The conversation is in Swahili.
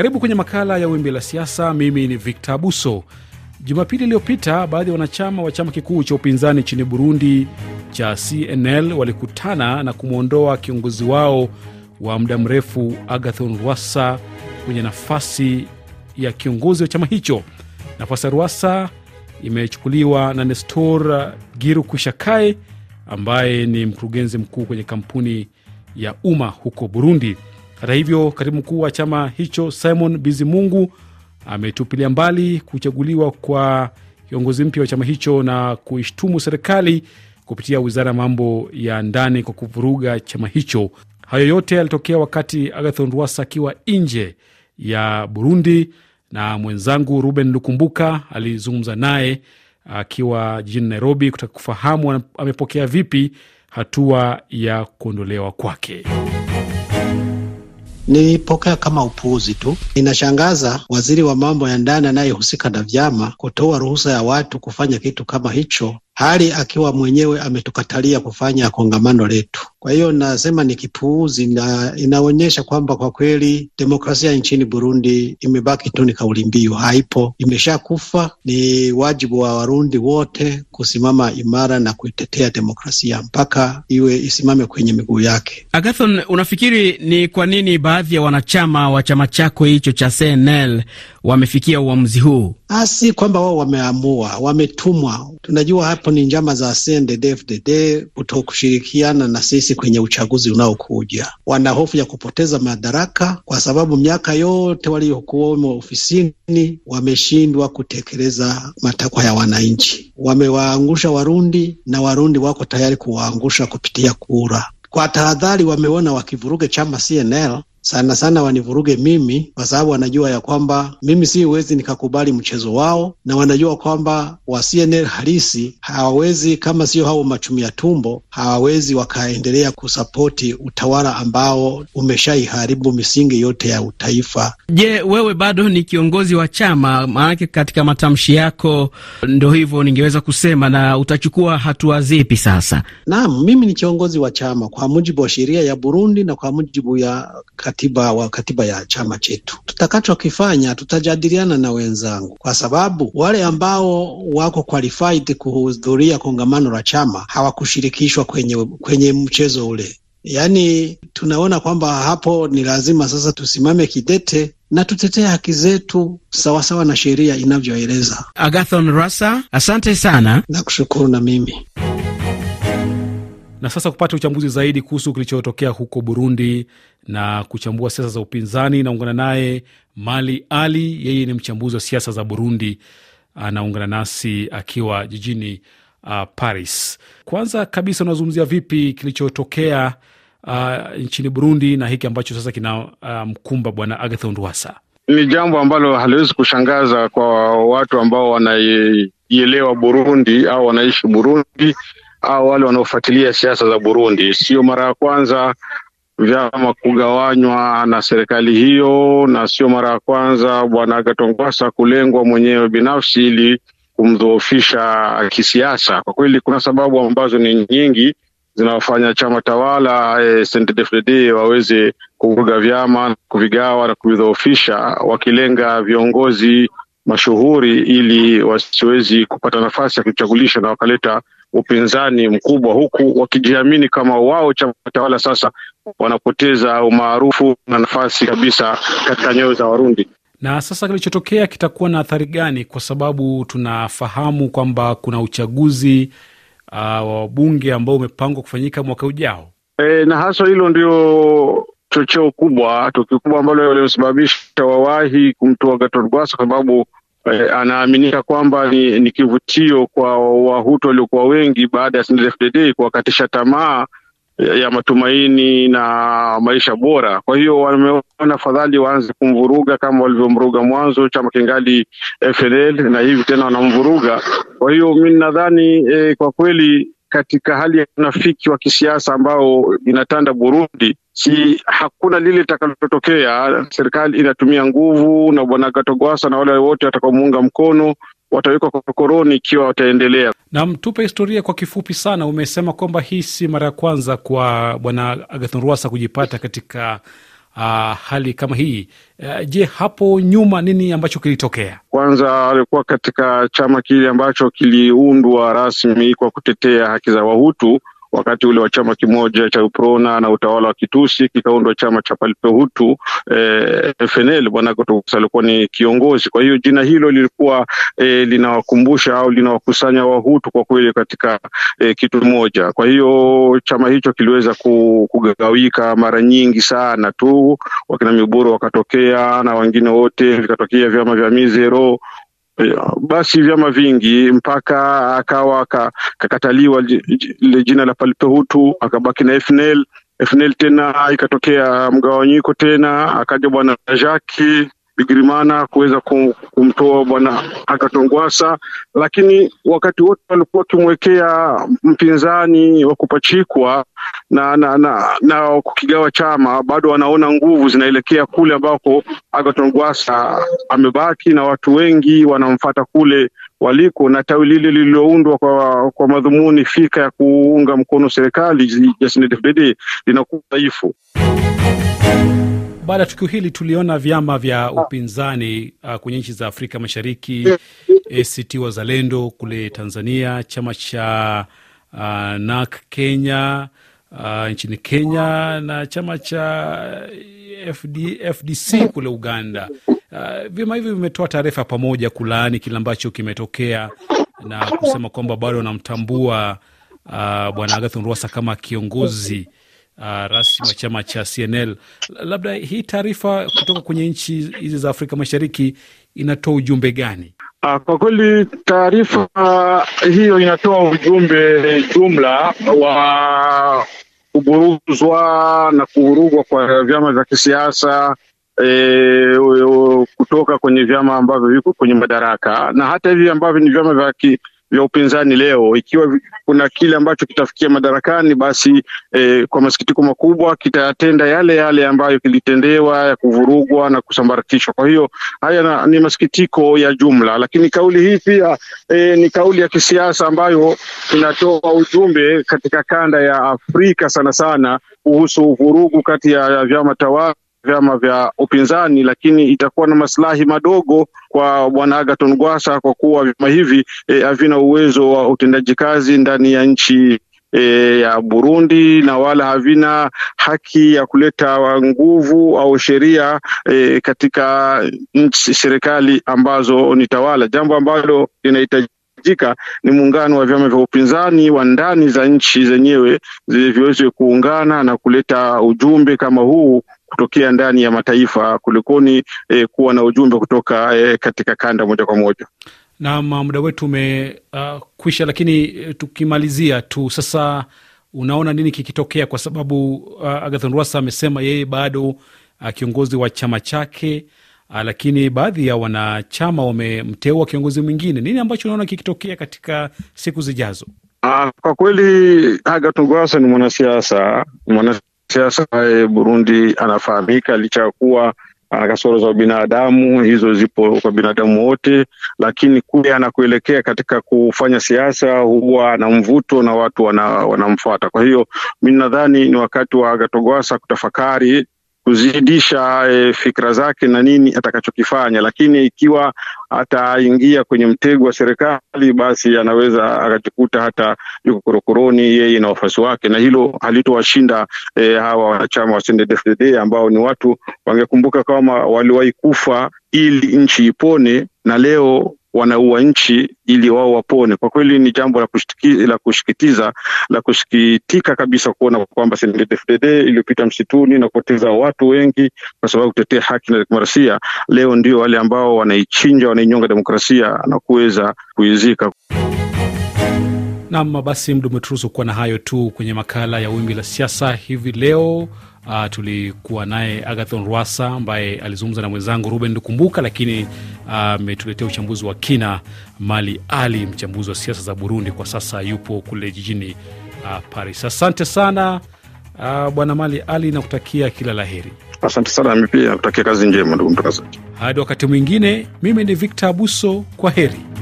Karibu kwenye makala ya Wimbi la Siasa. Mimi ni Victor Abuso. Jumapili iliyopita, baadhi ya wanachama wa chama kikuu cha upinzani nchini Burundi cha CNL walikutana na kumwondoa kiongozi wao wa muda mrefu Agathon Rwasa kwenye nafasi ya kiongozi wa chama hicho. Nafasi ya Rwasa imechukuliwa na Nestor Girukishakai ambaye ni mkurugenzi mkuu kwenye kampuni ya umma huko Burundi. Hata hivyo, katibu mkuu wa chama hicho Simon Bizimungu ametupilia mbali kuchaguliwa kwa kiongozi mpya wa chama hicho na kuishtumu serikali kupitia wizara ya mambo ya ndani kwa kuvuruga chama hicho. Hayo yote yalitokea wakati Agathon Rwasa akiwa nje ya Burundi, na mwenzangu Ruben Lukumbuka alizungumza naye akiwa jijini Nairobi kutaka kufahamu amepokea vipi hatua ya kuondolewa kwake nilipokea kama upuuzi tu. Inashangaza waziri wa mambo ya ndani anayehusika na vyama kutoa ruhusa ya watu kufanya kitu kama hicho, hali akiwa mwenyewe ametukatalia kufanya kongamano letu. Kwa hiyo nasema ni kipuuzi na inaonyesha kwamba kwa kweli demokrasia nchini Burundi imebaki tu ni kauli mbiu, haipo, imeshakufa. Ni wajibu wa Warundi wote kusimama imara na kuitetea demokrasia mpaka iwe isimame kwenye miguu yake. Agathon, unafikiri ni kwa nini baadhi ya wanachama wa chama chako hicho cha CNL wamefikia uamuzi huu? Ah, si kwamba wao wameamua, wametumwa. Tunajua hapo ni njama za CNDD-FDD kutokushirikiana na sisi urahisi kwenye uchaguzi unaokuja. Wana hofu ya kupoteza madaraka, kwa sababu miaka yote waliokuwemo ofisini wameshindwa kutekeleza matakwa ya wananchi. Wamewaangusha Warundi na Warundi wako tayari kuwaangusha kupitia kura. Kwa tahadhari, wameona wakivuruga chama CNL sana sana wanivuruge mimi, kwa sababu wanajua ya kwamba mimi siwezi nikakubali mchezo wao, na wanajua kwamba wa CNL halisi hawawezi, kama sio hao machumia tumbo, hawawezi wakaendelea kusapoti utawala ambao umeshaiharibu misingi yote ya utaifa. Je, wewe bado ni kiongozi wa chama? Maanake katika matamshi yako ndo hivyo ningeweza kusema, na utachukua hatua zipi sasa? Naam, mimi ni kiongozi wa chama kwa mujibu wa sheria ya Burundi na kwa mujibu ya katiba wa katiba ya chama chetu. Tutakachokifanya, tutajadiliana na wenzangu, kwa sababu wale ambao wako qualified kuhudhuria kongamano la chama hawakushirikishwa kwenye, kwenye mchezo ule. Yaani tunaona kwamba hapo ni lazima sasa tusimame kidete na tutetee haki zetu sawasawa na sheria inavyoeleza. Agathon Rasa, asante sana. Nakushukuru na mimi na sasa kupata uchambuzi zaidi kuhusu kilichotokea huko Burundi na kuchambua siasa za upinzani, naungana naye Mali Ali, yeye ni mchambuzi wa siasa za Burundi, anaungana nasi akiwa jijini uh, Paris. Kwanza kabisa, unazungumzia vipi kilichotokea uh, nchini Burundi na hiki ambacho sasa kinamkumba uh, mkumba bwana Agathon Ni jambo ambalo haliwezi kushangaza kwa watu ambao wanaielewa Burundi au wanaishi Burundi au wale wanaofuatilia siasa za Burundi, sio mara ya kwanza vyama kugawanywa na serikali hiyo, na sio mara ya kwanza bwana Agatongwasa kulengwa mwenyewe binafsi ili kumdhoofisha kisiasa. Kwa kweli kuna sababu ambazo ni nyingi zinawafanya chama tawala eh, e, CNDD-FDD waweze kuvuruga vyama, kuvigawa na kuvidhoofisha, wakilenga viongozi mashuhuri ili wasiwezi kupata nafasi ya kuchagulisha na wakaleta upinzani mkubwa, huku wakijiamini kama wao chama tawala sasa wanapoteza umaarufu na nafasi kabisa katika nyoyo za Warundi. Na sasa kilichotokea kitakuwa na athari gani? Kwa sababu tunafahamu kwamba kuna uchaguzi uh, wa wabunge ambao umepangwa kufanyika mwaka ujao. E, na haswa hilo ndio chocheo kubwa, tukio kubwa ambalo limesababisha wawahi kumtoa Gatorgwasa kwa sababu eh, anaaminika kwamba ni, ni kivutio kwa Wahutu waliokuwa wengi baada ya CNDD-FDD kuwakatisha tamaa eh, ya matumaini na maisha bora. Kwa hiyo wameona fadhali waanze kumvuruga kama walivyomvuruga mwanzo, chama kingali FNL na hivi tena wanamvuruga. Kwa hiyo mi nadhani eh, kwa kweli katika hali ya unafiki wa kisiasa ambao inatanda Burundi, si hakuna lile litakalotokea. Serikali inatumia nguvu na bwana Gatogwasa na wale wote watakaomuunga mkono watawekwa korokoroni ikiwa wataendelea. Na mtupe historia kwa kifupi sana. Umesema kwamba hii si mara ya kwanza kwa bwana Agathon Rwasa kujipata katika uh, hali kama hii uh, je, hapo nyuma nini ambacho kilitokea? Kwanza alikuwa katika chama kile ambacho kiliundwa rasmi kwa kutetea haki za Wahutu wakati ule wa chama kimoja cha UPRONA na utawala wa Kitusi kikaundwa chama cha Hutu eh, FNL bwana Kotogota alikuwa ni kiongozi. Kwa hiyo jina hilo lilikuwa eh, linawakumbusha au linawakusanya Wahutu kwa kweli katika eh, kitu moja. Kwa hiyo chama hicho kiliweza kugawika mara nyingi sana tu, wakina Miburu wakatokea na wengine wote, vikatokea vyama vya Mizero basi vyama vingi mpaka akawa akakataliwa ile jina la Palpehutu, akabaki na FNL. FNL tena ikatokea mgawanyiko tena, akaja bwana Jacques Bigirimana kuweza kumtoa bwana Akatongwasa, lakini wakati wote walikuwa wakimwekea mpinzani wa kupachikwa na, na, na, na kukigawa chama, bado wanaona nguvu zinaelekea kule ambako Akatongwasa amebaki na watu wengi wanamfata kule waliko na tawi lile lililoundwa kwa, kwa madhumuni fika ya kuunga mkono serikali ya cndd linakuwa dhaifu baada ya tukio hili tuliona vyama vya upinzani uh, kwenye nchi za Afrika Mashariki, ACT Wazalendo kule Tanzania, chama cha uh, NAK Kenya uh, nchini Kenya na chama cha uh, FD, FDC kule Uganda. Uh, vyama hivyo vimetoa taarifa pamoja kulaani kile ambacho kimetokea na kusema kwamba bado wanamtambua uh, Bwana Agathon ruasa kama kiongozi uh, rasmi wa chama cha CNL. Labda hii taarifa kutoka kwenye nchi hizi za Afrika Mashariki inatoa ujumbe gani? Ah, kwa kweli taarifa uh, hiyo inatoa ujumbe jumla wa kuburuzwa na kuvurugwa kwa vyama vya kisiasa e, kutoka kwenye vyama ambavyo viko kwenye madaraka na hata hivi ambavyo ni vyama vya vya upinzani leo, ikiwa kuna kile ambacho kitafikia madarakani, basi e, kwa masikitiko makubwa kitayatenda yale yale ambayo kilitendewa ya kuvurugwa na kusambaratishwa. Kwa hiyo haya na, ni masikitiko ya jumla, lakini kauli hii pia e, ni kauli ya kisiasa ambayo inatoa ujumbe katika kanda ya Afrika sana sana kuhusu vurugu kati ya vyama tawala vyama vya upinzani, lakini itakuwa na maslahi madogo kwa bwana Agaton Gwasa kwa kuwa vyama hivi e, havina uwezo wa utendaji kazi ndani ya nchi E, ya Burundi na wala havina haki ya kuleta nguvu au sheria e, katika nchi serikali ambazo ni tawala, jambo ambalo linahitajika ni muungano wa vyama vya upinzani wa ndani za nchi zenyewe ziweze kuungana na kuleta ujumbe kama huu kutokea ndani ya mataifa kulikoni eh, kuwa na ujumbe kutoka eh, katika kanda moja kwa moja. Naam, muda wetu umekwisha, uh, lakini eh, tukimalizia tu sasa, unaona nini kikitokea? Kwa sababu uh, Agathon Rwasa amesema yeye bado uh, kiongozi wa chama chake uh, lakini baadhi ya wanachama wamemteua kiongozi mwingine. Nini ambacho unaona kikitokea katika siku zijazo? Uh, kwa kweli Agathon Rwasa ni mwanasiasa mwanasi siasa ambaye Burundi anafahamika licha ya kuwa ana ah, kasoro za binadamu, hizo zipo kwa binadamu wote, lakini kule anakuelekea katika kufanya siasa huwa na mvuto na watu wanamfuata. Wana kwa hiyo mi nadhani ni wakati wa Gatogwasa kutafakari kuzidisha e, fikra zake na nini atakachokifanya, lakini ikiwa ataingia kwenye mtego wa serikali, basi anaweza akajikuta hata yuko korokoroni yeye na wafuasi wake, na hilo halitowashinda e, hawa wanachama wa CNDD-FDD ambao ni watu wangekumbuka kama waliwahi kufa ili nchi ipone, na leo wanaua nchi ili wao wapone. Kwa kweli ni jambo la la kushikitiza, la kusikitika kabisa kuona kwamba CNDD-FDD iliyopita msituni na kupoteza watu wengi kwa sababu kutetea haki na demokrasia, leo ndio wale ambao wanaichinja, wanainyonga demokrasia na kuweza kuizika. Nam, basi mdu umeturuhusu kuwa na hayo tu kwenye makala ya wimbi la siasa hivi leo. Uh, tulikuwa naye Agathon Rwasa ambaye alizungumza na mwenzangu Ruben Lukumbuka, lakini ametuletea uh, uchambuzi wa kina. Mali Ali, mchambuzi wa siasa za Burundi, kwa sasa yupo kule jijini uh, Paris. Asante sana uh, bwana Mali Ali, nakutakia kila la heri. Asante sana, mi pia nakutakia kazi njema, ndugu mtangazaji. Hadi wakati mwingine, mimi ni Victor Abuso, kwa heri.